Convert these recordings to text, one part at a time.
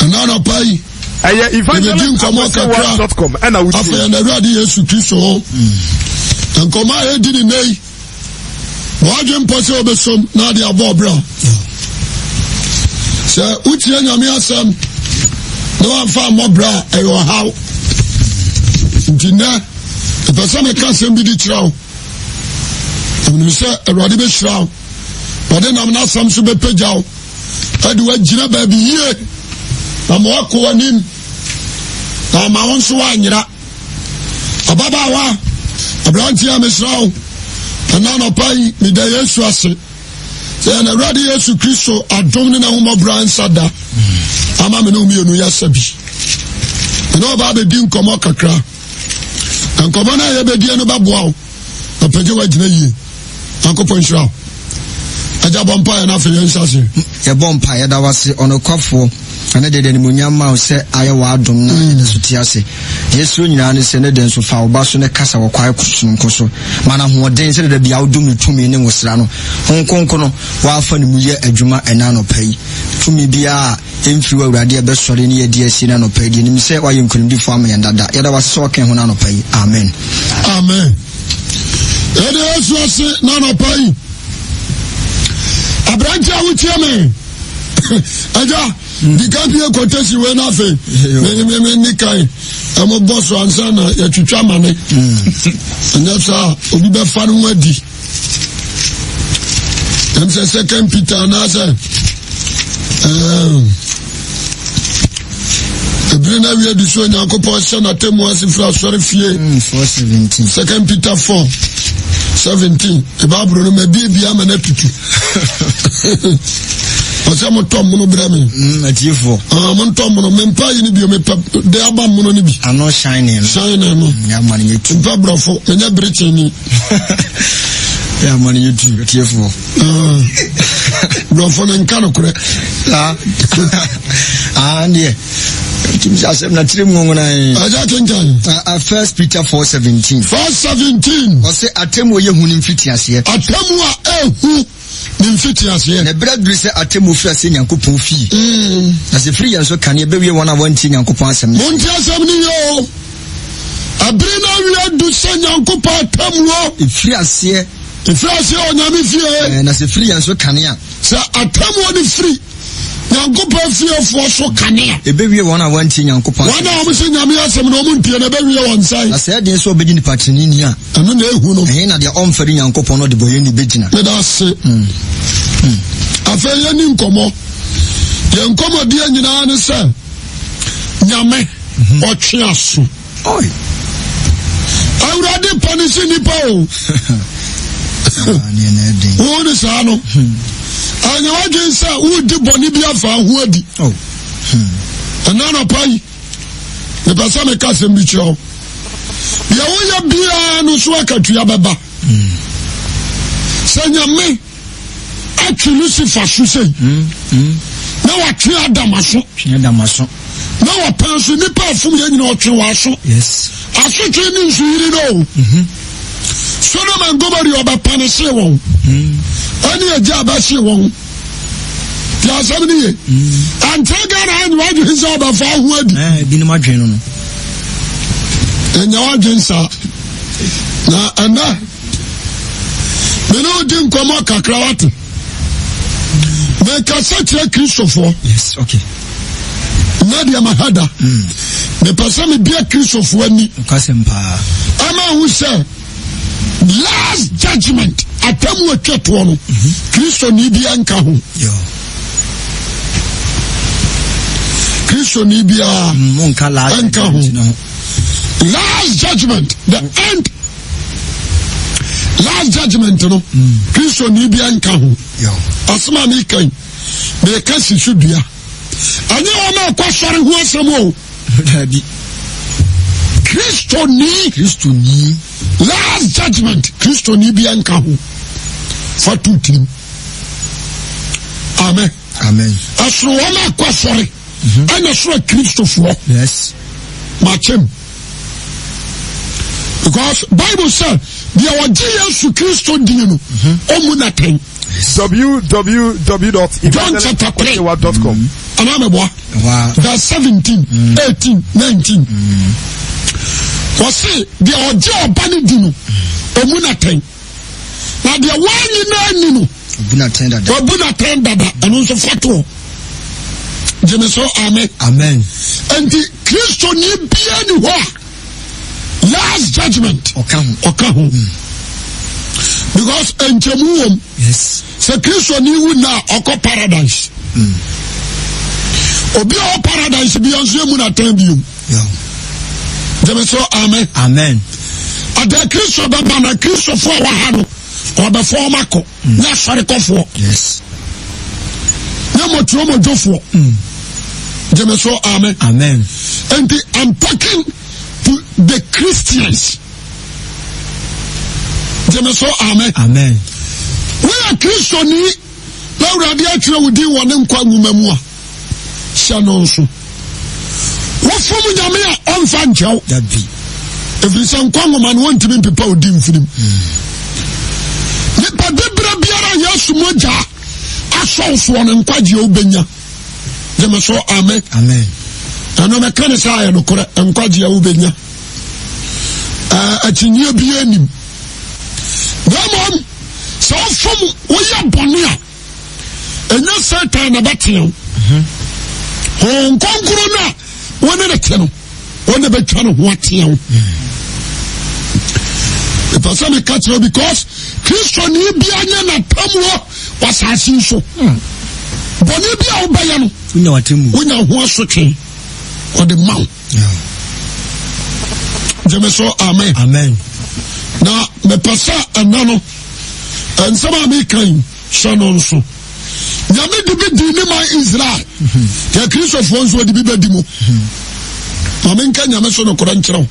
E nan apay, e ve di mta mwa kebra, afe ene radi e suti so, oh. en koma e di di ney, mwa jen pwese obe som, nan di abo, bro. Se, uti ene a mi a sem, nou an fwa mwa, bro, e yo an haw. Mti ne, e pe sem le kan sem bi di traw, e mne se, e radi be traw, pa de nan mna sem soube pe jow, e dwe jine bebi yey, na ma wakɔ w'anim na ma wo nso woanyera ababaawa aberante a mesra wo ɛna nɔpa yi meda yesu ase sɛ na awurade yesu kristo adom ne n'ahomɔbra nsa da ama me ne womienu yɛsɛ bi ɛna ɔbaa bɛdi nkɔmmɔ kakra na nkɔmmɔ no a no bɛboa wo na pɛgye woagyina yie nyankopɔn nhyira wo mpa yɛ no afei yɛnhyɛ aseɛ yɛbɔ mpa yɛda wase ɔnokwafoɔ ɛne deɛ deɛ nimunyam ma wo sɛ ayɛ w'adom na mm. ɛde so te ase deɛ nyinaa ne sɛ ne deɛ nso fa wo ba so ne kasa wɔ kwae sononko so ma no sɛ deda bia wodom ne tumi ne nwosra no honkonko no wɔafa ne mu yɛ adwuma ɛna anɔpa yi tumi biara ɛmfiri wɔ awurade ɛbɛsɔre ne yɛde asi no anɔpa yi deɛ nim sɛ woayɛ nkonimdifoɔ ama yɛn dada yɛda wase sɛ wɔka ho no anɔpa yi amen amen yɛde asu ase na anɔpa yi aberante a wotie me agya Mm-hmm. Di kan piye kote si we na fe Menye menye menye ni kani Emo bo swan san na E tu chaman ek mm-hmm. Enyat sa O bibe fan mwen di eh. E mse seken pita anase E brene wye diso Enyanko po asya naten mwen si flasore fye mm, Seken pita fon Seventeen E ba broun mwen bi Bi amene piti ɔsɛ motɔ mono berɛ me atiefoɔ montɔ mono mempa yi no bio mepɛ de aba mono no bi ano shine no shine mm, no mpa borɔfo menyɛ berekyeni yà mọ ni youtube tiẹ fún ọ. burọfo ni nka no korẹ. aa n deɛ asɛm na tiri mu ŋɔŋɔna ye. ɛjá kankan. first peter four seventeen. four seventeen. ɔsɛ atemu yɛ hun ni nfitiaseɛ. atemu a ehu. Eh, ne mfi te aseɛ na berɛ duru sɛ atemmu firi ase nyankopɔn fie mm. na sɛ firi yɛn so kaneɛ bɛwie wɔn a wɔntie nyankopɔn asɛm no montie asɛm no yɛ o abere no awie adu sɛ nyankopɔn atammuo ɛfiri aseɛ ɛfiri aseɛ ɔnyame fie na sɛ firi yɛn so kane a sɛ atammuo no firi nyankopɔn fiefoɔ so kanea ɛbɛwie wɔn a wɔntie nyankopɔn wɔn a wɔmhyɛ nyame asɛm na ɔmu ntie no ɛbɛwie wɔn nsae na sɛ ɛdeɛ sɛ ɔbɛgye nipa teneni a ɛno na ɛhu no ɛhe na deɛ ɔmfɛre nyankopɔn no de bɔyɛ ne bɛgyina meda ase hmm. Hmm. afei yɛni nkɔmmɔ yɛ nkɔmmɔdeɛ nyinaa ne sɛ nyame mhm. ɔtwe aso awurade pɔne se nnipa o wo ne saa no hmm. A nye wajen se ou di boni biya fwa ou wadi. Ou. Oh. Hmm. E nan apayi. E pasan me kase mbi chou. Ya ou ya biya anouswa kè tu ya beba. Hmm. Senya men. A ki lisi fwa sou se. Hmm. Hmm. Nan wak chenye damasyon. Chenye damasyon. Nan wapansi ni pa fwou yenye nan wak chenye wasyon. Yes. Asi chenye mbi sou hili nou. Hmm. Sou nou men goma di wabè panese wou. Hmm. Ani e di abasyi wang. Di asan mi e. Ani te gen an waj waj wizan wafan wad. E, eh, binu ma dren w nou. E, nye waj dren sa. Na, an na. Men nou di mkwaman kakrawati. Men kase che krisof wan. Yes, ok. Nadi ya man hada. Hmm. Men pase mi biye krisof wani. Kase mpa. Ama ou se. Last judgment. atamu atwa toɔ no kristoni bia nka ho kristoni biara nka ho last judgment the end last judgment no mm. kristoni bia nka ho asoma mi kan meka sisu dua ɛnyɛ wɔn a ɛkɔ sɔre ho asɛm o kristoni last judgment kristoni bia nka ho fa tu tirim amen amen ɛsoro wɔn a kɔ asɔre ɛna soro mhm. kristofoɔ yes makyem because bible sɛ deɛ wɔgye yesu kristo die no ɔmu mhm. na tɛn www.evangelist.com anamɛboa verse seventeen mhm. eighteen nineteen wɔsi deɛ ɔgye ɔba no di no ɔmu na tɛn na deɛ wɔn nyinaa ni no obu na tɛn dada obu na tɛn dada ɛno nso fatoɔ gyeme so amen amen nti kristo ni bia ni hɔ a last judgement ɔka ho ɔka ho hmm. because nkyɛmu wɔm yes sɛ kristo ni wu na ɔkɔ paradise hmm. obi a ɔ paradise bia nso emu na tɛn bio gyeme so amen amen ɔdɛ kristo bɛba na kristofo a wɔha no ɔbɛfoɔ ma kɔ mm. nyɛ asɔrekɔfoɔ nyɛ mɔtuo mɔdwofoɔ mm. amen and the, i'm talking to the christians gyeme amen amen woyɛ kristoni na awurade atwerɛ wo din wɔ ne nkwa nwoma a hyɛ no nso wofom nyame a ɔmfa nkyɛw ɛfiri sɛ nkwa nwoma no wɔntumi mpepa odi mfirim mm nipadebere biara yɛ asomogya asɔnfoɔ no nkwagyeɛ wobɛnya gyeme so ame ɛnomɛka ne sɛ ayɛ nokorɛ nkwagyeɛ wobɛnya akyinyeɛ bia nim na mmom sɛ wofam woyɛ bɔne a ɛnyɛ satan na bɛteɛ wo honkonkoro no a wone ne te no wone bɛtwa ne ho ateɛ wo ɛpɛ sɛ meka kyerɛ because Krist yo ni ibya nye natamwa wa sasinsyo. Hmm. Bo ni ibya ou bayan. Wina wate mou. Wina wansote. Kwa di mou. Dje me so amen. Amen. Na me pasa anano. Enseman me ikan shanonsou. Dje mi dibi dinima Izra. Dje mhm. Krist yo fonso wadi bibe dimou. Mhm. Mame ikan yame sonokoran chraou.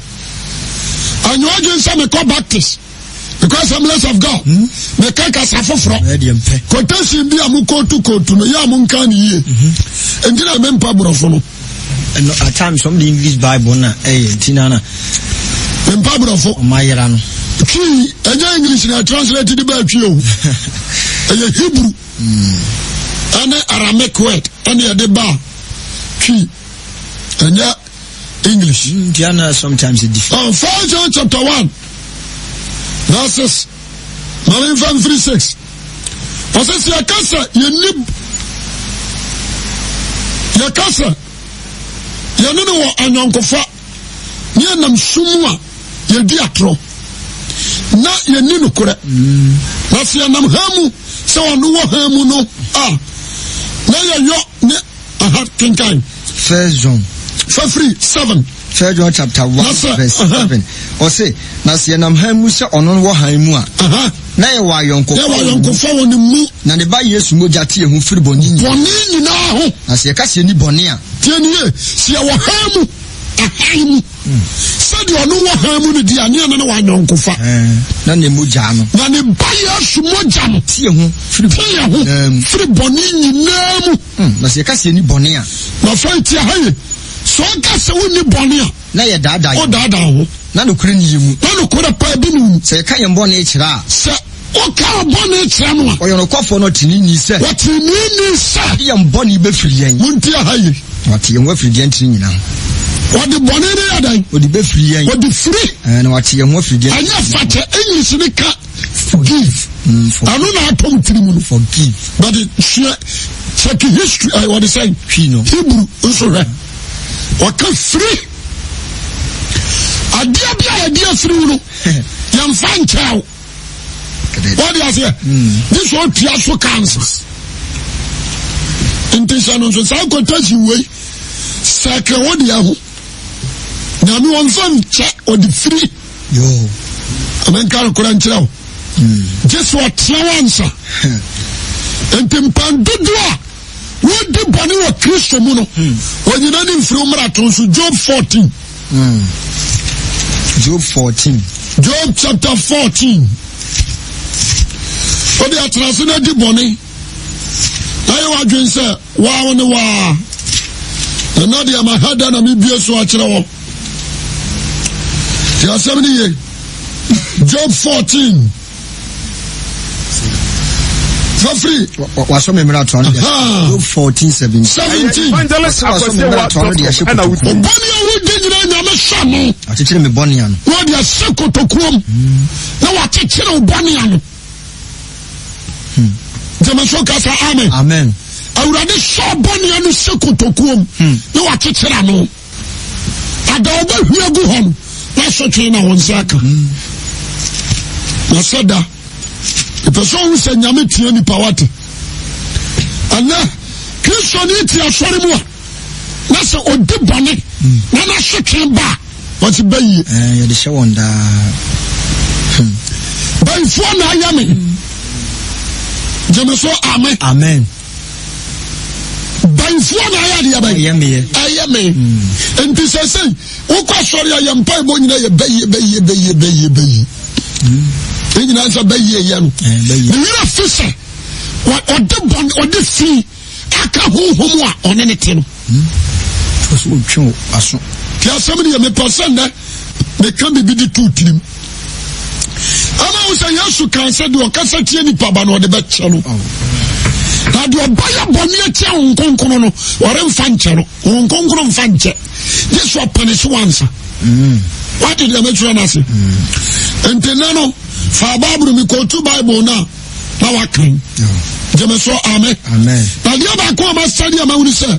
Anyo ajen sa me ko baptis. Because I'm less of God hmm? Mekan ka safo fra Kote si di amu kotu kotu Nye amu nkani ye Entina men pa budafo nou Atam som di English Bible En pa budafo Ki enje English Nye translate di be kiyo Enje Hebrew Enje hmm. Aramek wet Enje Deba Ki enje English hmm, e Enje chapter 1 Na ases, malen fèm friseks, ases ya kasa, ya nip, ya kasa, ya nin wò anan kofa, ni anam sumwa, ya diakron, na yanin ukure, na ase anam hemu, sa wan wò hemu nou, a, na ya yo, a hat kenkany, fe fri, seven. third john chapter one verse uh-huh. seven ɔsɛ na sɛ yɛnam han mu sɛ ɔno wɔ han mu a na yɛwɔ ayɔnkofa wɔ ne mu na ne ba yesu mogya te yɛ ho firi bɔne bɔne nyinaa ho na sɛ yɛka sɛ ni bɔne a tie nie sɛ yɛwɔ han mu ahan mu sɛdeɛ ɔno wɔ han mu no di aneɛ no ne wɔanyɔnkofa na ne mogya no na ne ba yesu mogya no te yɛ ho firi bɔne nyinaa mu na sɛ yɛka sɛ ni bɔne a na fa tie ha ye sọ ọgá sẹ wọn ní bọni a. na yɛ daadaa yɛ o daadaa wo. na nukuri ni yi mu. na nukuri pa ebi ni mu. sɛ ɛka yɛn bɔ ne kyerɛ a. sɛ o ka bɔ ne kyerɛ mu a. ɔyɔnokɔfo no ti ni nyi sɛ. o ti ni nyi sɛ. yɛn bɔ ne bɛ firi yɛn. mun ti aha yi. wati yɛn wɔ firi diɛ ti nyina. wɔde bɔne ne yɛ dan. o de bɛ firi yɛn. wɔde firi. ɛɛ na wati yɛn wɔ firi diɛ. ɛnyɛ fata english ni ka forgive. ɛnu na atɔn tiri mu no. forgive. bɛdi tiɛ check history ɛɛ wɔde sɛ. hwi no. hebrew nso hɛ. wakè fri. Ah, a diya biya, a diya fri wou. Yan fan chè wou. Wou diya se, dis wou piyase wou kanses. Ente san wonson, san wou kontaj yi wè, san ke wou diya wou. Nan wonson chè wou di fri. An men kan wok wou dan chè wou. Dis wou chè wansan. Ente mpande dwa. wè kish wè moun wè wè yinè nin frou mè la ton sou Job 14 hmm. Job 14 Job chapter 14 wè di atras wè nè di bonè a yon wè jwen se wè wè nè wè anè di amè hadè nan mi biye swatre wè di asè mè di ye Job 14 Job 14 fafiri. wasɔ mi mìíràn tɔn de ɛsɛ fourteen seventeen. seventeen wasɔ mi mìíràn tɔn de ɛsɛ kotokuo. o bɔnni awo di nyina nyame sɔmu. a ti kyerɛ mi bɔnni yan. wọ́n di ɛsɛ kotokuo mu hmm. na wà ti kyerɛ o bɔnni yan. Hmm. jamaso kasa amen. amen. awurade sɔ bɔnni yan se kotokuo mu na wà ti kyerɛ ano. adaw bɛ hwiɛ gu n'a sɔ twɛn na wɔn nsa kan. na da. Hmm ɛfɛ sɛ ɔhu sɛ nyame tua nipa wate ɛnɛ kristoni ti asɔre mu a na sɛ ɔdi bɔne na n'asotwe ba a wɔte bɛyie yɛde hyɛ wɔn daa hmm. bɛyifoɔ na ayɛ me gyeme so ame amen bɛyifoɔ na ayɛ adeɛ bɛyi ɛyɛ me hmm. nti sɛ sɛ wokɔ asɔre a yɛmpa ɛbɔ nyina yɛ bɛyie bɛyie bɛyie bɛyie bɛyie hmm. E mi nan sa beyeye anou. E, eh, beyeye. Mi mi la fise, wak odi bon, odi fi, kaka hou hou mwa, anene tenou. Hmm? Fos moun chou asou. Ti asem li ya me pasen de, me kambi bidi kouti li mou. Ama ou sa yon sou kansen, diwa kansen tiyen ni paban wade bet chalou. Anou. Oh. Ta diwa bayabon li ya bon tiyan unkon konon nou, ware mfan chalou. Unkon konon mfan chalou. Di sou apan e sou ansa. Hmm. Wate di ya me chou anase. Hmm. Ente nan nou, fa bible mi kò tu bible na na wa kan jẹmẹ sọ amẹ na deɛ baako a ma sani a ma wuli sɛ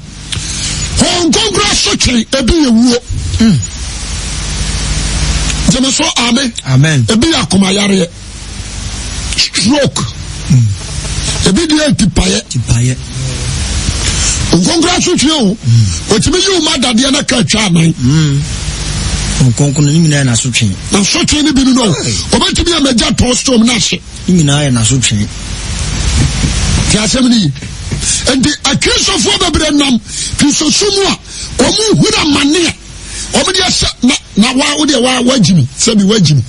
nkonkura sotiri ebi yɛ wuo hmm. amen. sọ amẹ ebi yɛ akomayareɛ stroke hmm. ebi deɛ tipayɛ nkonkura sotiri o otumi hmm. yi o ma dadeɛ na ka atwa anan nkonko no ne nyinaa yɛ n'asotwe n'asotwe ne bi no no ɔbɛtumi amagya tɔn storm n'ahye ne nyinaa yɛ n'asotwe ti asɛm ne yi nti akirisofoɔ bebree nam kristoso mu hura maneɛ wɔn de ɛsɛ na na wa o deɛ wa wagyi mi sɛbi wagyi mi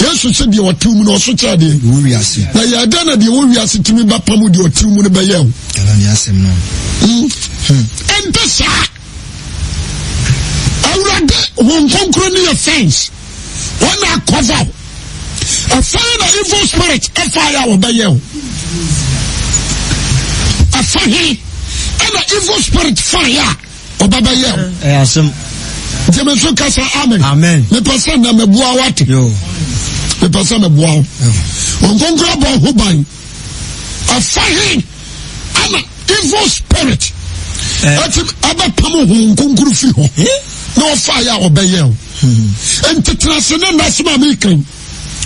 yesu sɛ deɛ ɔte mu no ɔso kyerɛ deɛ wɔ wiase na yɛ dɛ na deɛ wɔ wiase tumi ba pam deɛ ɔte mu no bɛyɛ o ɛlɛ ni asɛm no hmm. ɛnte saa. um wɔnkonkoro ne yɛ fence wɔn na akɔva ɛfɛn na evil spirit ɛfa yɛ a wɔbɛyɛ o ɛfɛn ɛna evil spirit fa yɛ a wɔbɛbɛyɛ o. ɛyà sɛm. jẹ́mi nso kasa amen. amen. mipɛ sɛ na mɛ bua wa te. é sɛ mɛ a wo. é bɔ ɔho ban ɛfɛn ɛna evil spirit a ɛbɛ pam ɔho nkonkoro fi na ɔfa yɛ a ɔbɛyɛ o ntetenase ne nnasoma mi kan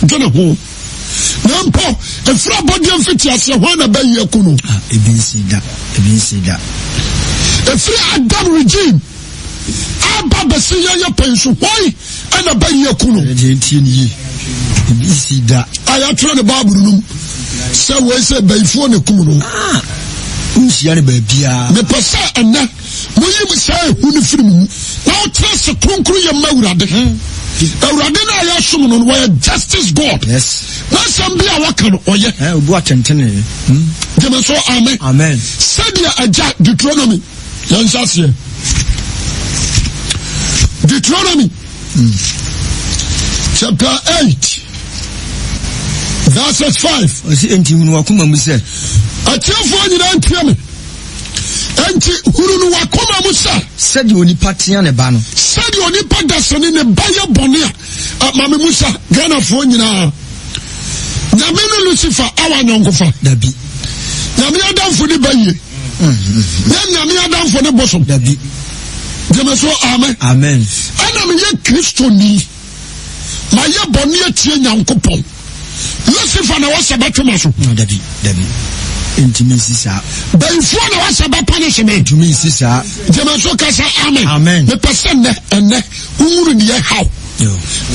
dwene ho na mpo efiri abɔdeɛ mfiti aseɛ hɔn na bɛyi eku no. Ah, ebi nsi da ebi nsi da. efiri adam regime aba bɛsi yɛyɛ pɛnso hɔn ɛna bɛyi eku no. ɛdiɛ ntie ni yi ebi nsi da. a yɛatwerɛ ne baabulu nom sɛ wɔyɛ sɛ bɛyifuo ne kum no. Ah, nhyia ne baabiara. mepɛ sɛ ɛnɛ moyi mu saa ehu ne firi mu mu na ɔtena se kronkron yɛ mma awurade awurade no a yɛsom justice god na asɛm bi a wɔka no ɔyɛ obu atentene hmm? gyeme so amen amen sɛdeɛ agya deuteronomy yɛnhyɛ aseɛ deuteronomy hmm, chapter 8 verse 5 ɔsi enti hunu wakoma mu sɛ atiefoɔ nyinaa ntie me Enti urun wakou ma mousa. Sè di ou nipak tiyan e banou. Sè di ou nipak da sè ni ne baye bonè. A ah, mami mousa gen a foun yina. Dè mi nou Lucifer awan yon koufan. Dè bi. Dè mi yon dan foun e baye. Dè mi yon dan foun e boson. Dè bi. Dè mi sou amen. Amen. A nan mi ye kristou ni. Ma ye bonè tiyan yon koupon. Lucifer nan wos sabat yon masou. Non, Dè bi. Dè bi. ntumi nsi saa. bẹnfuo na wasa bẹ punishment. ntumi nsi saa. jẹmọsọ kasa amen. amen. mepẹ sẹ nnẹ ẹnẹ nwuru ni yẹ haw.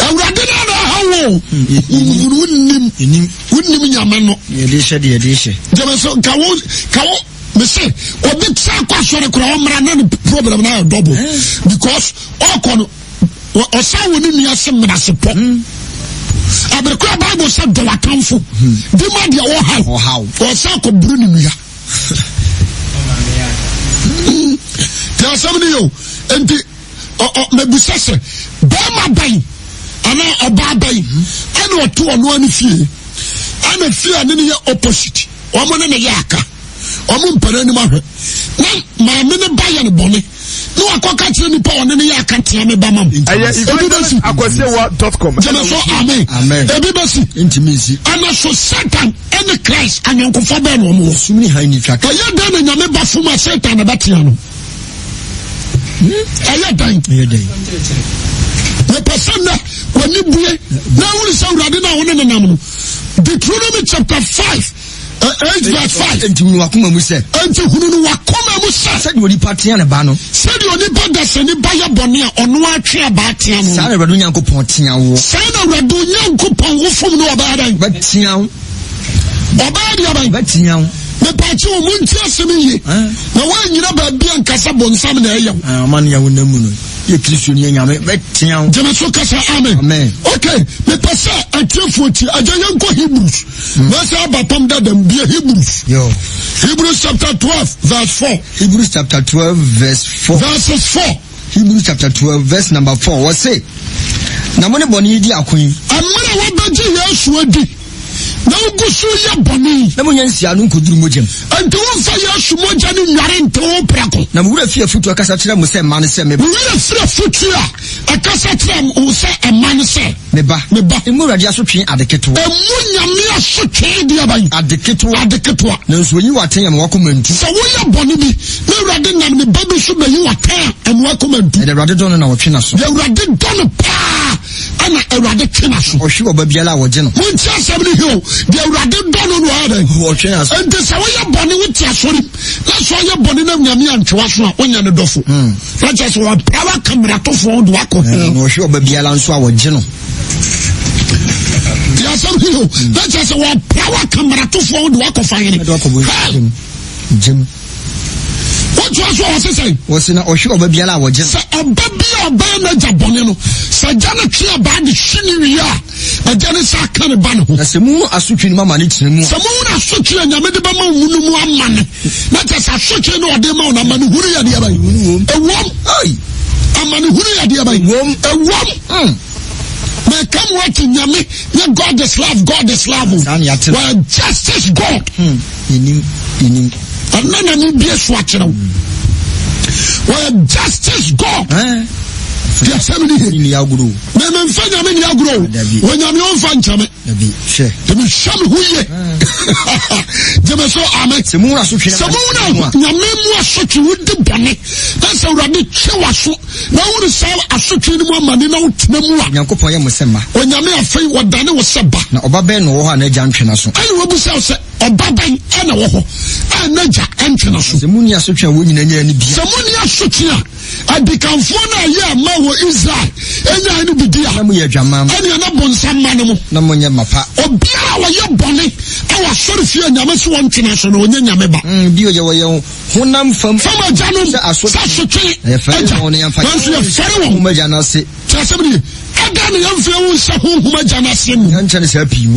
awurade náà na haw o. nwuru hmm, hmm, hmm. nnim nnim nyame no. yẹde ihyẹ de yẹde ihyẹ. jẹmọsọ kawo kawo mese obi tí a kọ asọrọ kura ọmọra náà ni problem náà yẹ dọbọ because ọkọ no ọsàn wo ni nìyẹn sẹ mìíràn sẹ pọ abirikura bible sɛ dɔwatamfo bi ma deɛ ɔhaw ɔsɛ akɔburu ne nua tí a sɛm ni yio nti ɔ mɛbusa sɛ bɛrima bɛn anaa ɔbaa bɛn ɛna ɔto ɔno ani fie ɛna fie a ne ne yɛ opposite wɔn ne ne yɛ aka wɔn mpɛrɛ anim ahwɛ na maame ne ba yɛ ne bɔne ne wakɔ ka kyerɛ nipa ɔne ne yɛ akateɛ me bama dot com. gyeme so amen Amen. ebi bɛsi ɛna so satan ɛne christ anyɔnkofa bɛɛ na ɔmowɔ ɛyɛ dɛn na nyame ba fom ma satan na bɛtea no ɛyɛ dɛn mepɛ sɛ nnɛ w'ani bue na wone sɛ awurade no a wone nenam no deuteronomy chapter five eight verse five. nti hunu wakoma mu sɛ. nti hunu no wakoma mu sɛ. sɛdeɛ onipa tea ne ba no. sɛdeɛ onipa dasa nipa yɛ bɔnne a ɔno atwe aba tea no. saa na awurade onyankopɔn tea wo. saa na awurade onyankopɔn wo fom no ɔbaa dan. bɛtea wo. ɔbaa deɛ ban. bɛtea wo mepɛkye wɔ mu nti asɛm yie eh? na woanyina baabi a nkasa bonsam na ɛyɛ ah, no yɛ kristoni nyame mɛtea wo gyeme so kasa amen ok mepɛ sɛ atiefoɔ ti agya yɛnkɔ hebrews hmm. na sɛ aba pam dadam bia hebrews hebrews chapter 12 verse 4 hebrews chapter 12 verse 4 verses 4 hebrews chapter 12 verse number 4 wɔ se na mo ne bɔne yɛdi ako yi ammerɛ wɔbɛgye yɛ asua di na ogu so yɛ bɔne na monya nsia no nkɔduru mogyam ɛnti womfa yɛ asu mogya no nnware nte wo prɛko na mowura firi afotu akasa kyerɛ mo sɛ mma no sɛ meba mowura firi afotu a ɛkasa kyerɛ wo sɛ ɛma no sɛ meba meba ɛmu awurade aso twee ade ketewa ɛmu nyame aso twee deɛ ban ade ketewa ade ketewa na nso ɔnyi w'atɛn ama wakoma ntu sɛ woyɛ bɔne bi na awurade nam ne ba bi so mayi w'atɛn ama wakoma ntu ɛde awurade dɔ no na wɔtwe na so awurade dɔ no paa ɛna awurade twe na so ɔhwe wɔ ba biara a wɔgye no monkyɛ asɛm no hwɛ di awurade dɔnno no ayɛ dɛn nti sɛ woyɛ bɔne wote asɔre na sɛ ɔyɛ bɔne na nyame antwewa so a wonyɛ ne dɔfo hmm. na kyɛ sɛ wɔpra woaka mmaratofoɔ de woakɔ hwɛ ɔba biara nso a wɔgye no yasɛm hio na kyɛ sɛ wɔpra woaka mmaratofoɔ de woakɔ fa Jim wotu aso ɔwɔ sisan. wɔsi na ɔhwɛ ɔba biara wɔ gye. sɛ ɔba bi a ɔba yɛ n'agya no sɛ gya ne twe ɔba de si ne wia a ɛgya ne sa ka ne ba ne ho. na sɛ mu asotwe ne mama ne tena mu. sɛ mu wuna asotwe a nyame de bɛ ma wunu mu ama ne na kyɛ sɛ asotwe ne ɔde ma wɔn ama ne huru yɛ deɛ ba yi. ewom ama ne huru yɛ deɛ ba yi. ewom ewom. may come work in Yami. Yeah, God is love, God is love. Well, justice God. Hmm. In him, in him. ɛno bie so akyerɛ wo wɔyɛ justice god eh? di asɛm ni ye mɛmɛ nfa nyame ni agorɔ o ah, wɔ nyame o nfa nkyɛmɛ tɛmɛ hyɛm hu ah. ye jɛmɛ sɔ amɛ sɛmu wura nyame mu asotwe wo di bɔne ɛsɛ awurade kyɛ wa so na wone saa asotwe no mu amane na wotena mu a onyankopɔn yɛ mo sɛ ma onyame afei wɔdane wo sɛ ba na ɔba bɛn na ɔwɔ hɔ a n'agya ntwena so ɛne wabu sɛ sɛ ɔba bɛn ɛna wɔ hɔ a n'agya ntwena so sɛ mu ni asotwe a wɔn nyinaa nyɛ ani bia sɛ mu a adikanfoɔ no ayɛ ma wɔ israel ɛnyaa no bidi a ɛnea na bonsam ma no mu obiara wɔyɛ bɔne ɛwɔ asɔre fie nyame so wɔntwena so no ɔnyɛ nyame ba mm, fam agya nom sɛ sotwe agya nanso yɛfɛre wɔ kyerɛ sɛm ne ɛda ne yɛmfrɛ wo sɛ honhom agya no ase mu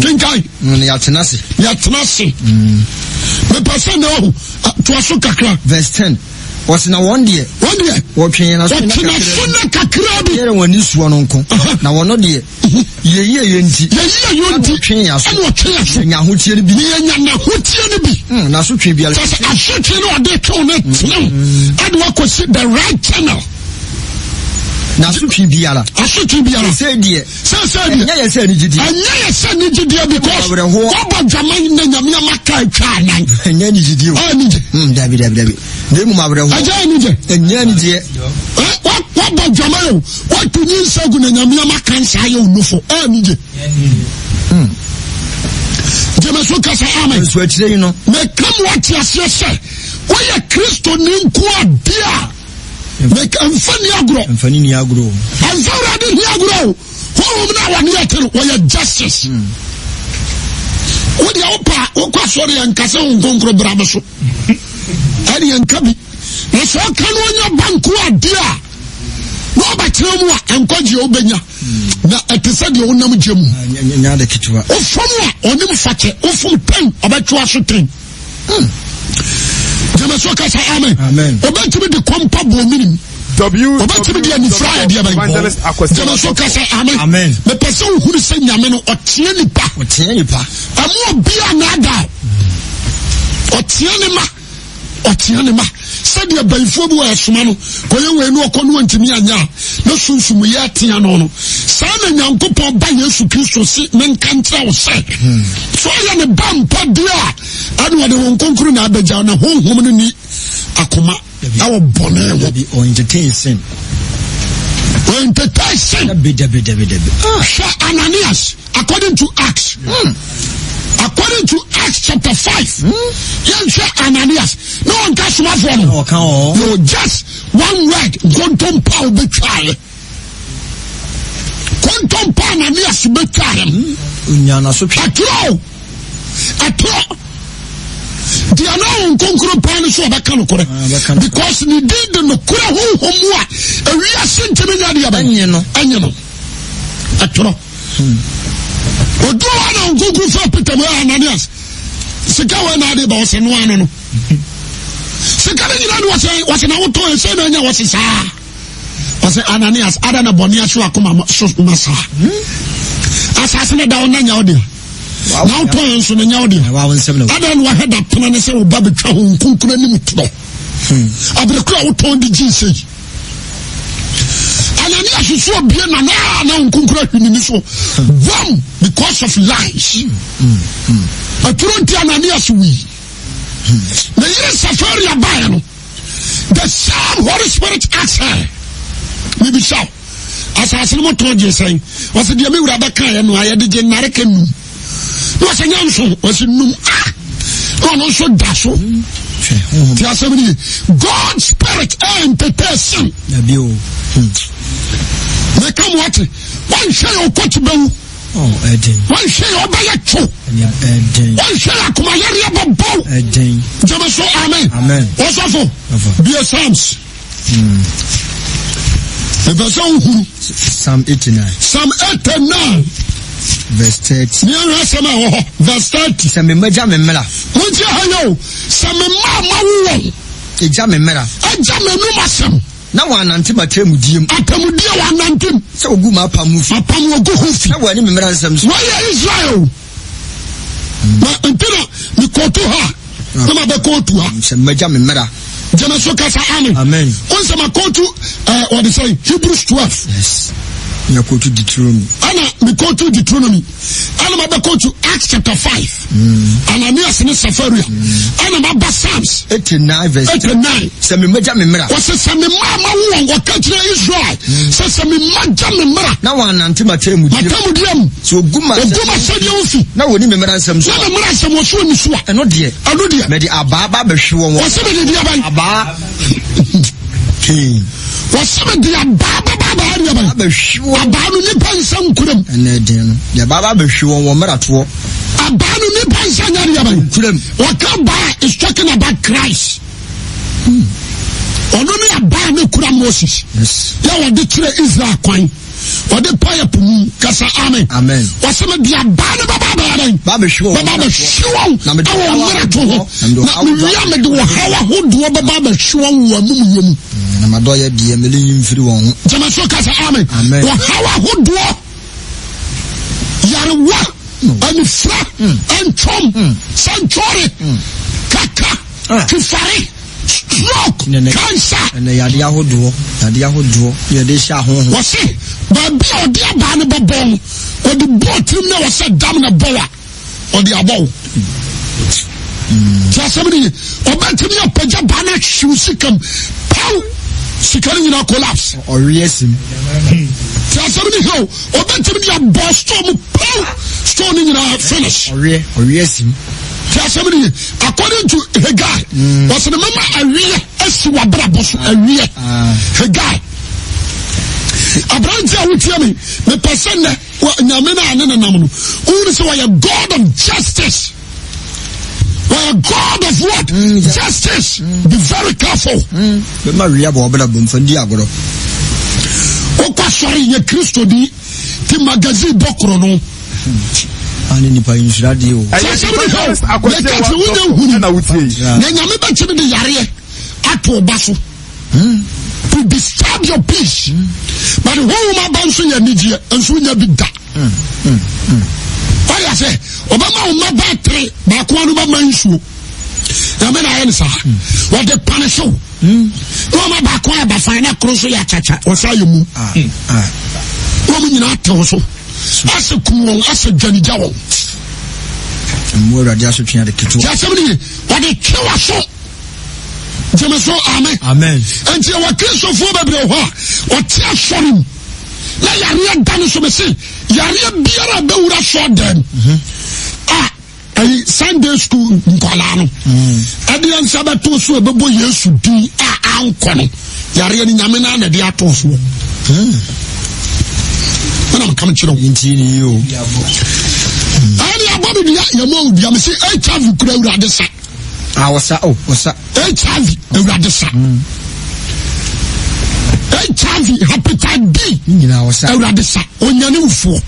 kenkae mm, yɛatena ase mm. mepɛ sɛ na ɔhu ah, toa so kakra verse 10 wɔsi uh-huh. na wɔn deɛ wɔn deɛ wɔtwe yɛn na so na kakra bi yɛrɛ wɔn ani soɔ no nko na wɔn no deɛ yɛyi ɛyɛ nti yɛyi ɛyɛ nti ɛna wɔtwe yɛn so ɛna wɔtwe yɛn so ɛnya ahotie no bi ɛnya nya ahotie no bi na so twe bi ala sɛ asotwe no ɔde twɛn ne hmm, tiɛn ɛna hmm. wɔkɔ si the right channel na asotwe biara asotwe biara sɛ deɛ sɛ sɛ deɛ ɛnyɛ yɛ sɛ ni gyidiɛ ɛnyɛ yɛ sɛ ni gyidiɛ because wɔbɔ dwaman na nyamea maka atwa anan ɛnyɛ ni gyidiɛ o ɛnyɛ ni gyidiɛ hmm, dabi dabi dabi. Dey mou mabre ou. E nje nje. E nje nje. E, wak wak wak jame ou. Wak pou njin se ou gounen nye miyama kansay ou lufo. E nje. E nje. Hmm. Jeme sou kase ame. Swech se yi nou. Mekan mwak yase yase. Oye kristou nin kwa dia. Mwenk enfeni agro. Enfeni ni agro. Enfeni ni agro. Wawou mna wani ekil. Oye justice. Hmm. Oye opa. Okwa sori an kase ou ngonkro drabe sou. Hmm. E di yankabi. E so akano wanyo bankuwa diya. Nou abay tenyo mwa. Enkwaj yo be nya. E te sa diyo unnamu djemu. Ofo mwa. Onye mfa chen. Ofo mpen. Abay chwa soten. Jeme so akasa amen. Obej te mi di kwam pa bomini. Obej te mi di anifra e di abay. Jeme so akasa amen. Me pesen yon kwen se nye amen. Oteye nipa. Amon bi anada. Oteye nipa. ɔtea ne ma sɛdeɛ bayifoɔ bi wɔ ɛsoma no kɔyɛ wei ne ɔkɔ no wantumi anyɛ a ne sunsumuyɛ atea no no saa na nyankopɔn ba yesu kristo se menka nkyerɛ wo sɛ sɛ ɔyɛ ne ba mpa deɛ a ane wɔde wo nkonkro na abɛgya na honhom no ni akoma na wɔbɔne ho ɔntetai sen hwɛ ananias according to acts hmm according to acts chapter five yẹn hwẹ ananias na wọn ka suma fọ no oh. no just one word kontompa o bɛ twa yɛ kontompa ananias bɛ twa yɛ ɛturo ɛturo deɛ na ɔwɔ nkonkoro paa no so ɔbɛka no korɛ ah, because ne din de no korɛ honhom mu a awiase ntimi nya deɛ bɛ ɛnye no ɛturo ojú wa náà nkukú fún peter mu ananias sika wa náà de ba ọsẹ nua ano no sika ne nyinaa ni wọsẹ wọsẹ na wotọ ẹsẹ na ẹnya wọsẹ saa wọsẹ ananias ada na bọ ní aṣọ akoma so ma saa asase ne da ọ nanya ọ di na wotọ ẹ nso ne nya ọ di ada na wahẹ da pena ne sẹ ọba bẹ twa ho nkunkun anim tọ abirikura wotọ ọ di jeans yi anani asusu obie na naa na nkunkura hwinini so wam because of lies aturo nti anani asuwi na yere safari abaeɛ no the same holy spirit ask her mebisa asase no mɔtɔn gye sɛn wɔsɛ deɛ me wura bɛkaeɛ no a yɛde gye nnare ka num na nyɛ nso wɔsɛ num ah! a ɔno nso da so Fiya semeni, God Spirit en pete sin. Mekan mwati, wanshe yon koti be ou. Oh, wanshe yon bayek chou. Wanshe yon kuma yer yon bopou. Dje beso amen. Osofo, biye sams. Dje hmm. beso ou hu. Sam etenay. Sam etenay. verse thirty. ní ẹnu asẹ́mu ẹ̀wọ̀ họ verse thirty. sẹ̀mi mẹ́jà mi mẹ́ra. wọ́n jẹ́ ayé o sẹ̀mi máa ma wúwọ̀. ẹja mi mẹ́ra. ẹja mi nu ma sẹ̀mu. na wọn anante ma tẹ mu diem. atẹmu die wọn anante mu. sẹ ogu ma apamu fi. apamu ogu ho fi. na wọn ani mi mẹ́ra nsẹm so. wọ́n yẹ israel o. na mi kootu ha. ne ma bɛ kootu ha. sẹ̀mi mẹ́jà mi mẹ́ra. jẹ́nẹ́sọ kasa ami. amen. o nsẹ̀ma kootu ɛ wọ́n de hebrews twelve. yes na kootu deuteronomy. Ana mi kootu deuteronomy ɛna ma bɛ kootu acts chapter five. Mm. Mm. Ana ni safaria. ɛna ma ba psalms. eighty nine verse ten eighty nine. sɛmi mɛja mi mira. se sɛmi maa ma wɔ wɔ kɛntɛn israel. Se sɛmi mɛja mi mira. na wɔn anante ma tɛn mu diɛ mu. ma tɛn mu diɛ mu. so ogun ma sɛbi ogun na wɔn ni mi mira nsɛm so. na mi mira nsɛm wɔsi wɔn nisu wa. ɛnu diɛ. ɛnu diɛ. mɛ di abaa ba bɛ hwi wɔn wɔ. di di abaa yi. abaa wɔsi mi di abaa baba abaa ni yaba abaa no nipa nsa nkuram ɛnɛ den no yaba aba abɛhwi wɔn wɔn mmerɛ toɔ abanu. no nipa nsa nya ni yaba wɔka baa is talking about Christ hmm. ɔno ni abaa ne kura Moses yɛ wɔde kyerɛ Israel kwan. Wa de paye pou mou, kasa amen. Wa se me diya bani ba babi la den. Ba babi shiwa ou. Awa mwira tou ou. Na mwira me diwa hawa houd ou. Ba babi shiwa ou a mou mwire mou. Na mwa doye diye, me li yin fri wang ou. Jeme sou kasa amen. Awa oh, hawa houd ou. Yari wak. Hmm. Ani fra. Ani hmm. chom. Hmm. Sankore. Kaka. Ah. Kifare. Kansan Yade ya hodwo Yade ya hodwo Yade sya hon Wase Mwen bi yade ya bane babon O di bon timne wase damne bawa O di abon Jase mwen di O men timne yon peje bane Shusikam Poun Sikè ni yon a kolaps. Orie sim. Ti a sebe ni yo, o den ti mi di a bò strò mò plò strò ni yon a fèlè. Orie, orie sim. Ti a sebe ni yo, akwèri yon tù he gaj. Wase nè mè mè a rie, esi wabè la bò su, a rie. He gaj. Abre anje yon ti yon mi, mi pesè nè, wè nye amè nan anè nan nan moun. O yon se wè yon God of Justice. a God of what? Mm, yeah. Justice. Mm. Be very careful. Bẹ́ẹ̀ ma wíyá bọ̀ ọ́ bẹ́ẹ̀ bọ̀ nfẹ̀ di àgọ́dọ̀. Ó kọ́ sọ̀rọ̀ ìyẹn Kristo di ti magazine bọ̀ kúrò nù. Ani nipa nhyira di o. Sase mi hɛ o, yɛ kati wunye huni, na nyame bɛ kyerɛ de yareɛ ato ɔba so. To disturb your peace. Bari wɔn wɔn aba nso yɛ anigyeɛ, nso yɛ bi da. Hmm. Hmm. Hmm wáyà sẹ ọbẹ̀mọ àwọn ọmọ bá tẹ̀lé baako wọn bá ma nsuo ẹ̀mẹ́ náà ayé ni sá hmm. wọ́n di panisiw hmm. ní wọ́n ma baako yà bàfà yẹn náà kúrò nso yà kyakya ọ̀sẹ̀ ayé mu ah, hmm. ah. wọ́n mu nyinaa tẹ̀ wọ́n so asè kun wọn asè dwanigya wọn. mú ẹrọ adi asotwi adi ketewa. yà sẹ́mi nìyẹn wọ́n di kí wà so jẹ́mi so amen. amen. ẹ̀ntì ẹ̀wọ̀ kí nsọ́fọ́ bẹ̀rẹ̀ wọ́n a ọ̀tí asọ́rin náà yàrá yà dání so bẹ̀ Yareye biyara be ou da so den. A, eyi, sande skou mkwala nou. E di an sabatouswe bebo yesu di a an konon. Yareye ni naminan e di mm. atouswe. Mwen am kame chidon. Inti ni yo. A, di abo mi di a, yamou di. A, mi si, eytavi kure ou da disa. A, wasa ou? Oh, wasa. Eytavi, ou da disa. Mm. Eytavi, hape kade di. Ni na wasa. Ou e da disa. onyane wufoɔ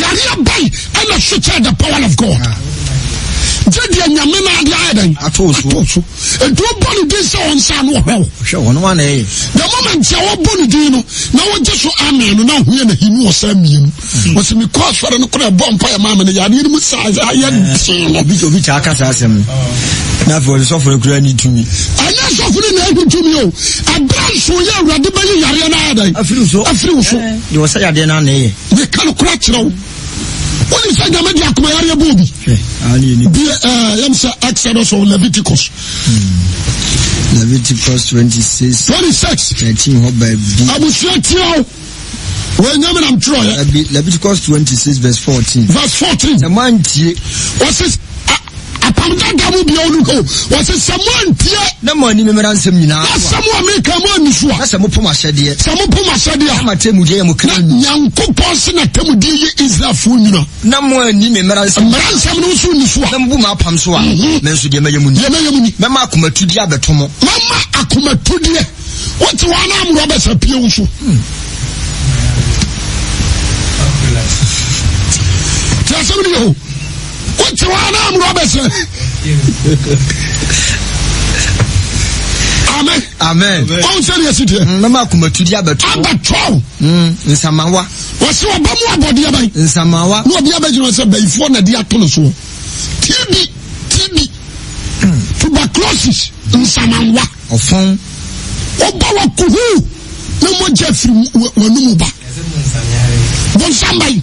yare abae ɛna hwekyɛ the power of god gye deɛ nyame no ade ayɛ dɛn atoo so ɛnti wobɔ no din sɛ ɔnsa no wɔhwɛ the moment a wɔbɔ no din no na wɔgye so amen no na ahoyɛ no hinu hmm. wɔ saa mmienu wɔsɛ mekɔ asɔre no kora ɛbɔ mpa yɛ maa me no yadeɛ no mu saa ayɛ see no obi kyɛ aka saa asɛm no oh. na afei ɔde sɔfo no kora ne tumi ɛnyɛ sɔfo no na ɛhu tumi o nso yɛ awurade bɛyi yareɛ no ayɛ dɛn afiri so afiri so eh, eh. deɛ ɔsɛ yadeɛ no ana yɛ meka no kora kyerɛ wo wone sɛ nyame de akoma yareɛ bɔɔ eh, bi bi yɛm sɛ exodus of leviticus hmm. leviticus 26 26 13 hɔ baabi abusua tia wo wɔanyame namtwerɛɛ leviticus twenty six verse fourteen. verse fourteen. 14 sɛ moantie ɔse apam dada mu bia ɔnu hɔ wɔsɛ sɛ antie na mo ani memera nsɛm nyinaa na sɛ mo a meka mo a na sɛ mopom ahyɛdeɛ sɛ mopom ahyɛdeɛ a na matamudie yɛ mo kra nu nyankopɔn se na tamudie yɛ israelfoɔ nyina na mo ani memera nsɛm mmara nsɛm no nso ni a na mobu ma apam so mhm. a nanso deɛ mɛyɛ mu ni deɛ mɛyɛ mu ni mɛma akomatudeɛ abɛto mo mɛma akomatudeɛ wote wɔ anam rɔbɛsa pie wo hmm. tí a sẹ́mi ni yẹ o. Amen Amen Amen Amen Amen Amen Amen Amen Amen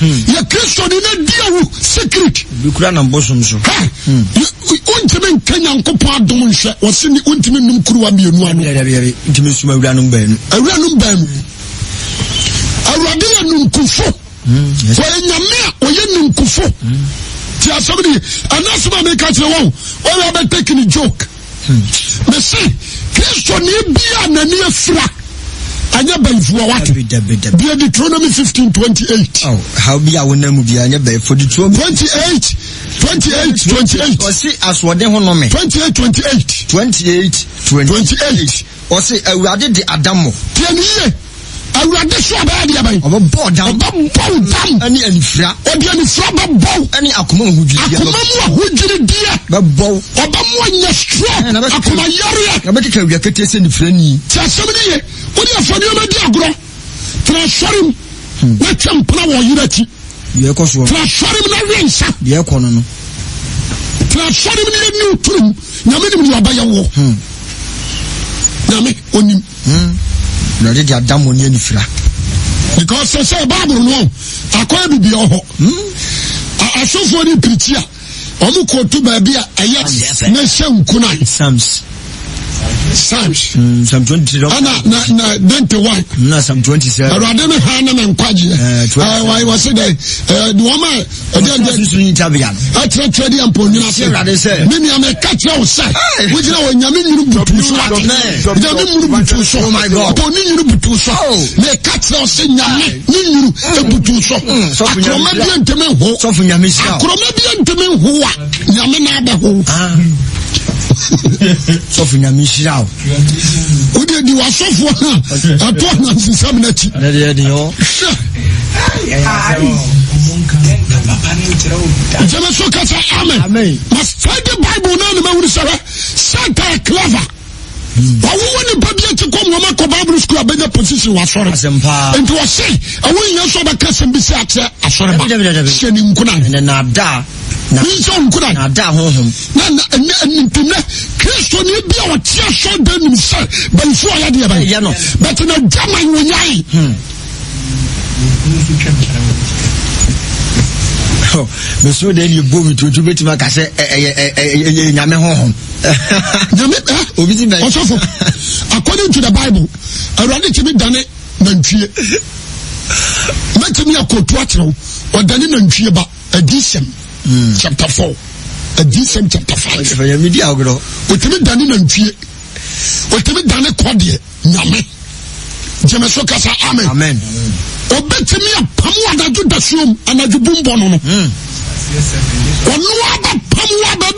Ye kristo hmm. e ni ne diya wou sekrit Bikura nan bos msou Ha! Ou yon ti men kenyan koupa adonshe Ou sin ni ou yon ti men noumkuru wabiyon wane Yon ti men soume ou la noumbe yon A ou la noumbe yon A wadiyan noumkufo Woye nyame, woye noumkufo Ti ya sabi di A nasma me kache wou Ou yon be tekin jok Mesi, kristo ni e biya ne ni e fra anya bẹyìfọ wati bia deuteronomy fifteen twenty eight. ha bi a wọnà mu bi a anya bẹyìfọ deuteronomy. twenty eight twenty eight twenty eight. ọsí asoɔden ho nọmi. twenty eight twenty eight. twenty eight twenty eight. ọsí awurade di adamu. tiẹ̀ nìyẹn awurade so abɛyɛ deɛ bɛyi. ɔbɛ bɔ dam. ɔbɛ bɔ dam. ɛni anifira. ɔdi anifira bɛ bɔ. ɛni akoma mu ahudiri diɛ. akoma mu ahudiri diɛ. bɛ bɔ. ɔbɛ mu anya srɛ. akoma yariɛ. a bɛ kika awia kete se anifira ni. tí a sɛbi ni ye o de afɔ nneɛma di agorɔ tena sɔri mu na twɛ mpana wɔ yiri akyi. yɛ kɔ soɔ. tena sɔri mu na wi nsa. yɛ kɔ nono. tena sɔri mu ni yɛ ni o turu ni mu ni ɔbɛyɛ wɔ. nyame na ɔde de ada mɔni because sɛ sɛ baabul no akɔyɛ bibi ɔhɔ asɔfoɔ ne pirikyi a ɔmo kootu baabi a ɛyɛ ne hyɛ nkunan psalms. psalm mm, twenty three. ɛna na na ninety one. na psalm twenty seven. awurade mi ha ne mi nkwagye. Eh, ɛɛ ah, wa wa se dɛ ɛɛ wɔn a ɛdi ɛdi. sunsun yi tabi yan. ɛkyerɛkyerɛ di yan pɔnyin ase. ɛwurade sɛ. mi ni ame kakyɛ o sɛ. o eh. jira o nyame nyuru butu so ati. nyuru butu so. oh my god. pɔnyin nyuru butu so. Oh. mɛ kakyɛ o sɛ nyame ni eh. nyuru mm. ebutu so. Mm. akoroma bi ntɛmɛ ho. sɔfin nyame sika. akoroma bi ntɛmɛ ho wa nyame n'a bɛ ho. Ah. Sofi nye misi la ou O deye diwa sofwa an A to an an fin sa mene ti Ne deye di yo Aye aye aye Amey Mas chay dey baybon an Sankan e kleva wawowa nipa bi akyi kɔ nwoma kɔ bible school abɛnya position wɔ asɔre nti wɔse ɛwo nyina so bɛka asɛm bi sɛ akyerɛ asɔre ba hyɛ ne nkunannsɛ nkunannntimnɛ kristoni bi a wɔte asɔre da nim sɛ bɛmfo ɔyɛ deɛ bɛyɛ but na gyama nwonyae hmm. mesoro de ne ɛbɔ me tuntum bɛtumi aka sɛ ɛyɛ nyame honhom akwade yon chou da baybo an rade chemi dane nan chou men chemi akot wat nou an dane nan chou ba edisem chepta 4 edisem chepta 5 an rade chemi dane nan chou an rade chemi dane kwa diye nye amen amen an rade chemi akpamwa an ajou bumbon an nwaba ppamwa bebe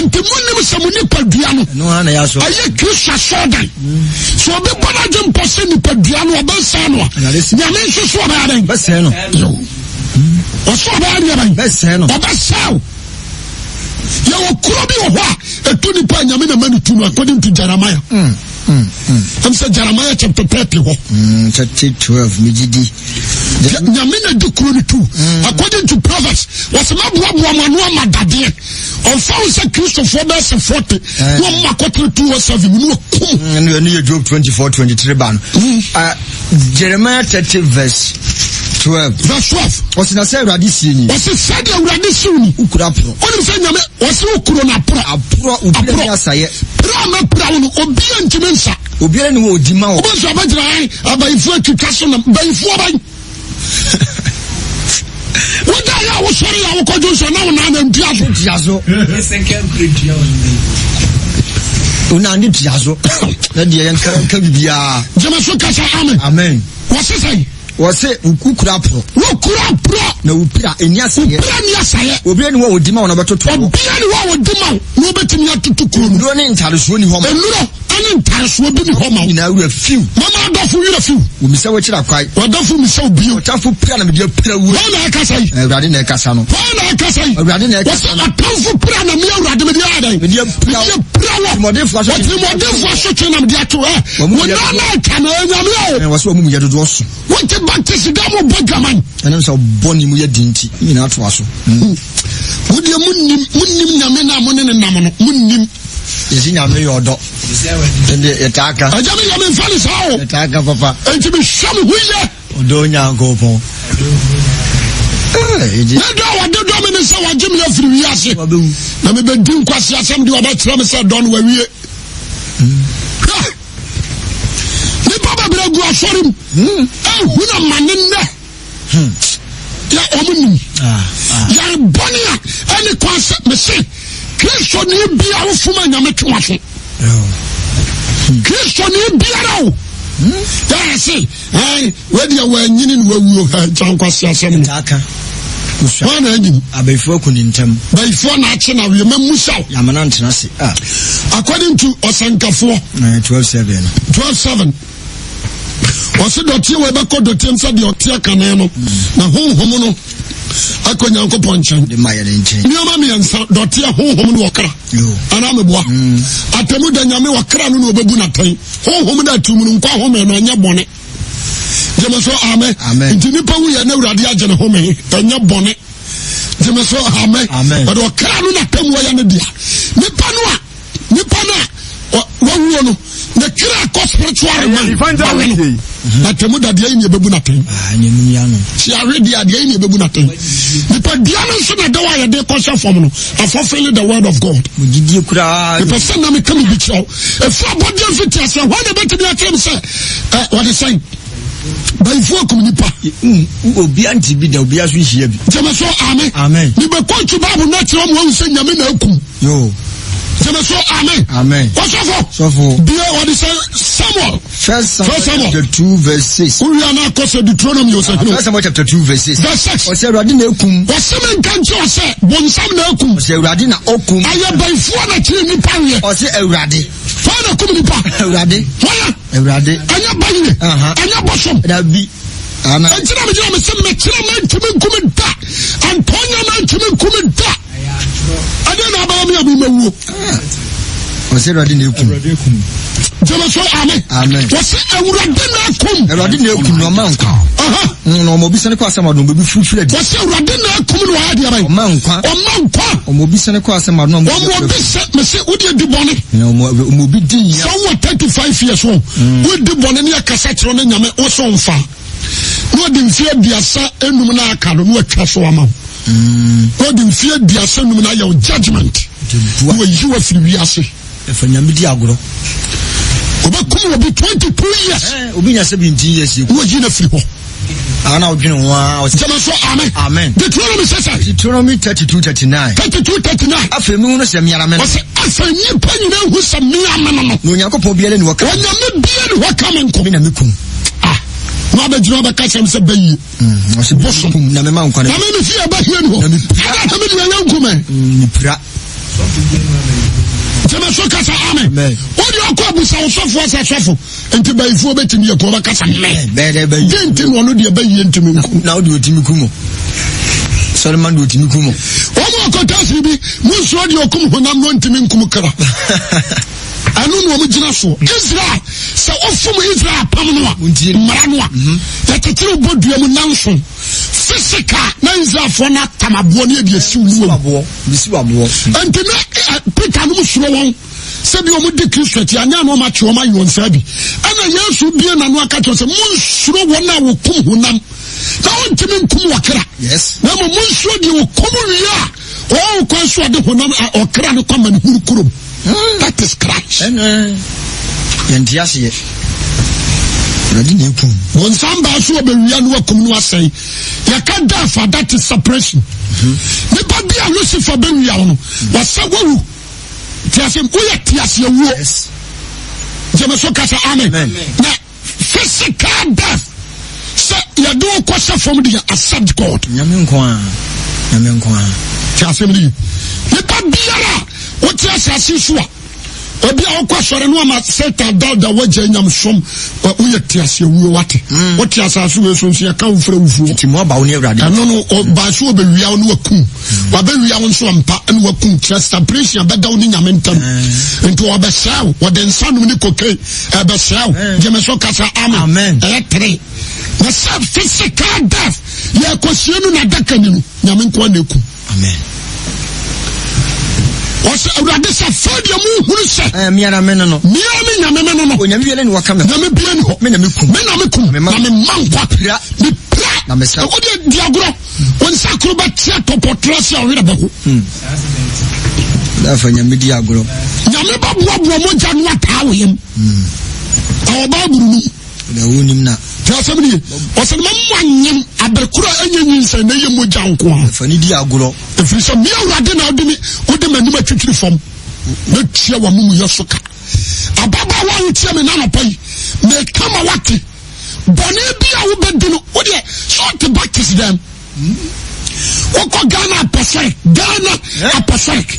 nti monim sɛ mo nipadua no ɛyɛ kristo asɔɔdan sɛ obi bɔ no agye mpɔ sɛ nipadua no ɔbɛsɛe no a nyame nso so ɔbɛyɛ dɛn ɔso ɔbɛyɛ deɛ dɛn ɔbɛsɛe yɛwɔ kuro bi wɔ hɔ a ɛtu nipa nyame na ma no tu no according to jeremiah hmm. ɛm hmm, hmm. sɛ jeremiah chapter thirty hɔ hmm, thirty nyame na di kuro no tu according to proverbs wɔsɛ maboaboa ma no ama dadeɛ ɔmfa wo sɛ kristofoɔ bɛsɛ forty eh. na ɔma akɔtene two wɔ seven mu ne wakum ɛno yɛ job twenty four ba no ah, jeremiah 30 verse Veswav Osinase yon radisi yoni Osinase yon radisi yoni Okura pro Oni se yon ame Osinokuron apura Apura Apura Apura ame apura yon Obiyen ti men sa Obiyen yon o di man o Obiyen si apay di la yon Abay fwe ki kason ame Abay fwe bay Ou da yon ou sori yon Ou konjou yon Na unanen pi azo Unanen pi azo Unanen pi azo Nè di yon kèm kèm bi a Djemè sou kèm sa ame Amen Osin se yon Ou kou la pro. Ou kou la pro. Ne ou pila enyase gen. Ou pila enyase gen. Ou biye nou an ou di man w nan batot w. Ou biye nou an ou di man w nan batot w. Ou mouni nte al sou nivou an mouni. ɛne ntaresoɔ bi ne hɔ ma wo nyinaa werɛ fiw mama adɔfo werɛ fiw omisa wɔkyerɛ kwae wadɔfo misa wo bio pira na mede apira wuo hɔ na ɛkasa yi awurade na ɛkasa no hɔ na ɛkasa yi awurade na ɛkasa no atamfo pira na me awurade mede ayɛ dɛn mede apira wɔ ɔtirimɔdenfo asotwe na mede ato ɛ wɔna na ɛka na ɛnyame o wɔ sɛ wɔ mu yɛ din nti nyinaa toa so wodeɛ monim nyame no a mo yɛsi nyame yɛ ɔdɔ ɛnde yɛtaa ka agya me yɛme mfa ne saa o yɛtaa ka papa enti mehwɛ me ho yɛ ɔdɔ onyankopɔn mɛdɔ a wɔde dɔ me ne sɛ wɔagye me afiri wiase na mebɛdi nkwase asɛm de wɔbɛkyerɛ me sɛ dɔ no wawie nnipa hmm. babrɛ gu asɔre m hmm. ɛhu na ma ne nnɛ hmm. yɛ ɔmo nim ah, ah. yɛrebɔne a ɛne kwan sɛ mese kristoni biara wofoma nyame twoma so kristoni biara o yɛa se wadeɛ wɔanyini ne wawuo gyankwase asɛm no wana anyim abayifoɔ aku ne na na yamana se ah. according to ɔsɛnkafoɔ 127 127 dɔteɛ wɔbɛkɔ dɔteɛ sɛdeɛ ɔteɛ kane no na honhom no akɔ nyankopɔn nkyɛn nneɛma mmiɛnsa dɔteɛ honhom ne wɔkra anaa meboa mm. atamu da nyame wɔkra no ne wɔbɛbu natɛn honhom da atum no nkɔ ahome no ɛnyɛ bɔne gyeme so amɛ nti nnipa wuyɛ na awurade agye ne home ɛnyɛ bɔne gyeme so amɛ ɔde ɔkra no natamu wɔyɛ no dea nipa no a nipa no a wawuo no the kira kɔ spiritual remand bawe no atemu dadeɛ yi ni ebebu n'atɛn siawe di adeɛ yi ni ebebu n'atɛn nipa bia no nso na ɛdawa yɛde kɔhyɛ fam no afɔfɛli the word of god nipa sɛ nam kama bi kyerɛw efu abɔdeɛ nso ti ase wɔn na bɛtɛ bi akyerɛ mu sɛ ɛ wɔde sɛn bẹẹfu ọkùnrin nípa. obi àǹtí bi da obi aṣọ ìṣiyẹ bi. jẹmẹsọ amẹ. amẹ. nígbà kóòtù báàbù náà ti ọmọ ọhún sẹ nyàmínà ẹkùn. yóò sẹmẹ amen. amen. kọsọfọ. sọfọ. diẹ ọdi sẹ samuel. first samuel, first samuel chapter two verse six. olùyà náà kọsẹ deuteronomy ọsẹ kìnnìún. first samuel chapter two verse six. verse six. ọsẹ ìwúrọ̀dì náà kùn. ọsẹ mi nkan tí ọsẹ bọnsam náà kùn. ọsẹ ìwúrọ̀dì náà ó kùn. ayé bẹ̀fọ́ náà kiri nípa yẹ. ọsẹ ìwúrọ̀dì. fọwọ́n náà kùn nípa. ìwúrọ̀dì. wọ́yà. ìwúrọ̀dì. ẹ̀yẹ báyìí. ẹ̀yẹ bọ̀sọ̀m. dàbí. ẹ̀ntì náà mi jẹ́ ọmọ sẹ́mi mẹ́tìrẹ́ mẹ́ntìmí nkúmi dá ɔbɛboa mi a mi ma wuo. ɔsɛ ɛwurade na ekum. jẹmẹ sọ amẹ. wɔsi ɛwurade na ekum. ɛwurade na ekum na ɔma nkwa. na ɔmɔ bi sani kɔ asɛm adum bɛbi firifiri ɛdi. wɔsi ɛwurade na ekum na ɔyɛ adiaba yi. ɔma nkwa. ɔma nkwa. ɔmɔ bi sani kɔ asɛm adum. ɔmɔ bi sɛ mɛsi o de di di nya. sɔn thirty five years o. o mm. di bɔnni ni ɛkasa kyerɛ ne nyame o sɔn fa. n'o di nfiɛ biasa E ou di mfie di asen nou mnaya ou jajment Ou e yu e fin yu yase E fanyan mi di agro Obakou obi 22 yes E, obi yase binji yes yu Ou e jine fin yon Agana obi nou waa Djamanswa amen Amen Ditwono mi sesay Ditwono mi 32-39 32-39 Afen mi ou se mi alamen Ase afen yi pen yi men ou se mi alamen Mwenyanko pou byele nou wakame Mwenyanko pou byele nou wakame Mwenyanko pou byele nou wakame na abɛgyina bɛka kyɛm sɛ bɛyie bosomna meme fie bɛhie no hɔ ɛna me deɛ yɛ nkomɛ nti mɛso kasa ame wode ɔkɔ abusa wo sɔfoɔ sɛ sɔfo nti bayifoɔ bɛtumi yɛ kɔ bɛkasa mɛ gye nti no ɔno deɛ bɛyie ntumi nkum sɔleman de otumi kum ɔmo ɔkɔtɔ asiri bi mo nsuo deɛ ɔkum honam no ntumi nkum kra ɛno na ɔmo gyina soɔ mm-hmm. israel sɛ wofom israel pam no a mmara no a mm-hmm. yɛtetere bɔ dua mu nanso fisika na israelfoɔ no atam aboɔ no yɛde asiw nuwɔ ɛnti na eh, peter no m suro wɔn sɛbi ɔmo di kristo akyi anya na ɔmo akyi ɔmo ayɛ wɔn ɛna yesu bie na no aka kyerɛ sɛ wɔn a wɔkum honam na wɔntumi nkum wɔkra na mu monsuro deɛ wɔkum wie a ɔwɔ kwan so ɔde honam ɔkra no kɔma ne huru Mm, that is cratch Yen tia siye Yen di nyepou Gonsamba aswa be riyan wakoum nou asay Ya ka defa, that is suppression Ni pa biya lucifa be riyan wakoum Wa sa wou Tia siye, ouye tia siye wou Jeme sou kasa ame Fisika def Se ya dou kwa sa fom di Asad God Tia siye mdi Ni pa biya la Ou tia sa si swa. Ou e bi a ou kwa sore nou a ma se ta dal da wajen yam som. Ou ye tia si ou yo wate. Hmm. Ou tia sa sou e son si ya ka ou fre ou fwe. Ti mwa ba ou niye vlade. Anon non, ou ba sou obi luyawon wakou. Wabe luyawon swa mpa an wakou. Tia sa pres yon beda ou nin yamen tan. Entou wabe se ou. Wade nsan ou ni hmm. koke. Ebe se ou. Hmm. Jeme sou kasa aman. Amen. E pre. Wese fisi kadef. Ye kosye nou nadake ninou. Nyamen kwa ne kou. Amen. ɔsɛ awurade sɛ fɛdeɛ mu hunu sɛ mia na me no no mia me nyame me no no onyame wiele ne wɔka me nyame bia hɔ me mekum me mekum na mema nkwa pira mepira na mesra wode di agorɔ koro bɛteɛ tɔpɔtrɔ sɛ ɔwerɛ bɛko dafa hmm. nyame di agorɔ nyame bɛboaboa mogya no ataa wo yam ɛwɔ hmm. baaburu na ti asem ni ye ɔsɛ ma mu anyam abirikura enye nyinsɛn na eye mu ja nko a. efani di agorɔ. efiri sɛ miya awurade na ɔdi mi ɔdi mi anim atwitiri fam ne tia wa mu mu yɛ so ka ababaawa ayi tia mi nana pa yi mɛ kama wa te bɔnne bi a wo bɛ di no o deɛ so te ba kisi dɛm. Ou kwa gana aposorik Gana eh? aposorik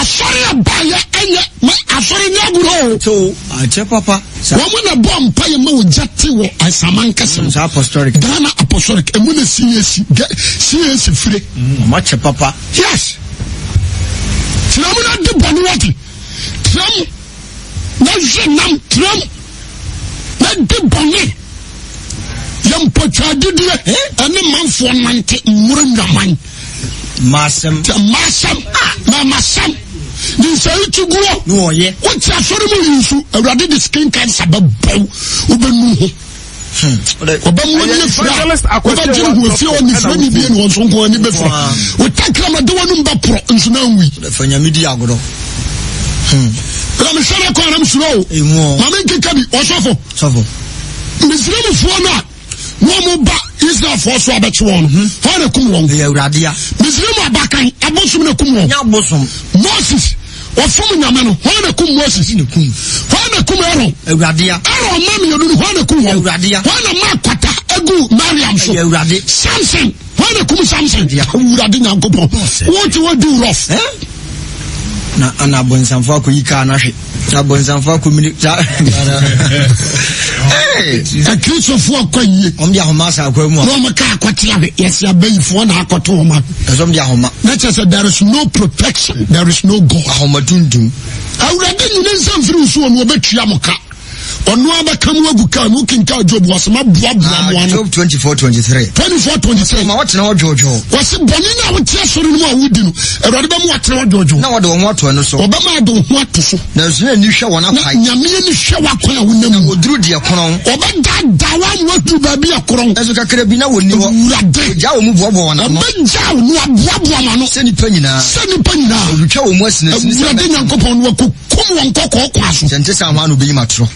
Asore ba ye enye Asore nye gulou Tso a che papa Waman a bom paye me ou jati wo A sa man kase mm, Gana aposorik E mwene sinye si fre Waman mm, che papa Yes Tram wana di boni wati Tram Nan jen nan tram Nan di boni sɛ agyedeɛ ɛne manfoɔ nante mmuro nnwaman masɛm na ah, masɛm ninsayi ti guɔ wote asɔre mu yinsu awurade de skin cancer bɛbɛw wobɛnu ho ɔbɛmuo ne fira wobɛgyere ho afie wɔ nifira ne bie ne wɔ nso nko ani bɛfira wotakramade w'anom bɛporɔ nso na anwi ramesɛre hmm. kɔ anam suro o mame nkeka bi ɔsɔfo mesiramfoɔ no a wọn mu ba israelfoɔ so abɛkye wɔn hɔn na kum wɔn misiri mu abakan abosom na kum wɔn moses wɔfom nyame no hɔn na kum moses hɔn ne kum aaron aaron ma mmienu no hɔn na kum wɔn hɔn na ma kwata egu mariam so samson hɔn ne kum samson awurade nyankopɔn wɔn ti wɔn di wurɔf. na ana abonsamfo akɔyi kaa no ahwe na abonsamfo akɔmini akristofoɔ akɔ yie ɔmde ahoma sa akwa mu a na ɔmka akɔte ahwe yɛse abayifoɔ na akɔto homa ɛsɛ ɔmde ahoma na kyerɛ sɛ there is no protection there is no god ahoma tuntum awurade nyina nsa mfiri no wɔbɛtua mo ka ɔno abɛka mu agu kaa mu kenka ah, job wɔsoma boaboa moa no 2423 wɔse bɔne no a wote asɔre no mu a wodi no awurade bɛma watena wadwoodwo ɔbɛma ade wo ho ato so nyame ani hwɛ wakwan a wonam mu ɔbɛdaadaa woamoa duru baabi a korɔn awurade ɔbɛgya wo no waboaboa ma no sɛ nipa nyinaa awurade nyankopɔn no wakɔkum wɔn kɔkɔɔ kwa so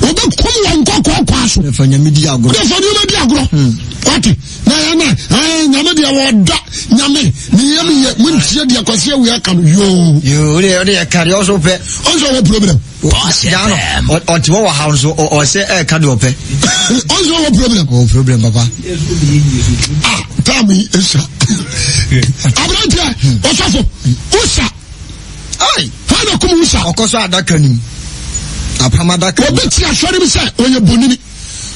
wobɛkum wɔn nkɔkɔɔ kwa so wodɛfa nneɛma di agorɔ hmm. wate na yɛne nyame deɛ eh, wɔda nyame meyam yɛ montie deɛ kwase awie aka no yoodeyɛkadeɛ ɔnsɛ wɔ eh, problem problem problem fada kum wusa. ɔkɔ so adaka nim apam adaka nim. obi ti asɔre mi sɛ ɔyɛ bonini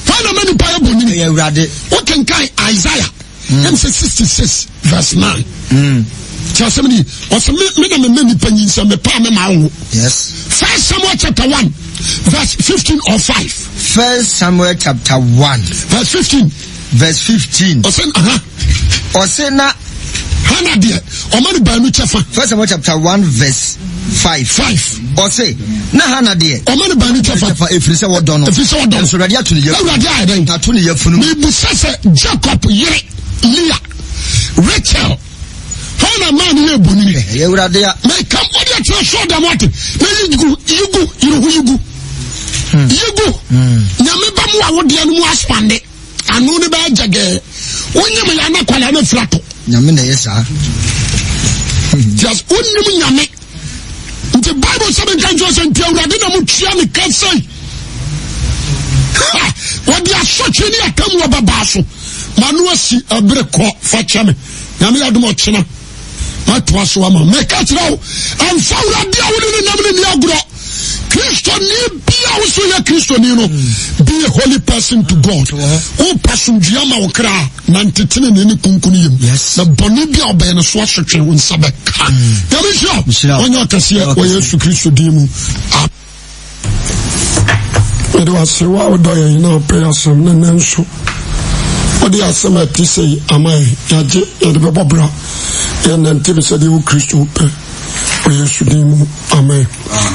fada ma nipa yɛ bonini. ɛyɛ awurade. o kankan isaiah. ɛn hmm. sɛ sixty six verse nine. tí a sɛ mi ni ɔsɛ mi mi na mi mɛ nipa yin sɛ mi pa mi ma wo. yes. first samuel chapter one verse fifteen or five. first samuel chapter one. verse fifteen. verse fifteen. ɔsɛ ɔsɛ na. hana deɛ ɔmɔ ni baanu kyɛ fa. first samuel chapter one verse five. five. ɔse na ha na deɛ. ɔmɛ ni bani tɛfa. tɛfa efiri sɛ wɔdɔn no. efiri sɛ wɔdɔn no. nsɔrɔdi ato ne yɛ funu. ewurade ayɛ dɛ. ato ne yɛ funu. mɛ ibusa jacob yere lia rachel hɔn na maa ni ne bɔ ni yɛ. ɛyɛ ewurade a. mɛ kam o de tɛ sɔ dama ten mɛ yigu yigu yirugu yigu. yigu. Hmm. Hmm. nyame ba mu awo deɛ ni mu asopande anu ni bɛ jɛgɛ wonyamu yɛ anakwale ane filato. nyame na yɛ saa. just wonyamu nyame. Te baybo sa mi genjo senpiyan Wra di nan moutia mi kensay Kwa di aso chini ya kem waba baso Man wosi ebre kwa fatyami Nan mi adou moutina Matwasy waman Meket nou An sa wra di a ou li li navi li li agro Kisto nib Ou sou ye kristou ni nou? Be a holy person to God. Ou person di yama okra nan titine nini koum kouni yon. Nan bonou bi a oube ene swase chen ou nisabe. De li hmm. shou? Ou nye akasiye ou yesu kristou di mou. E do ase waw doye ina oupe ase mnen nensou. Ou di ase mwen tiseyi amay. E do bebo bra. E nnen tipe se di ou kristou pe. Ou yesu di mou amay. E.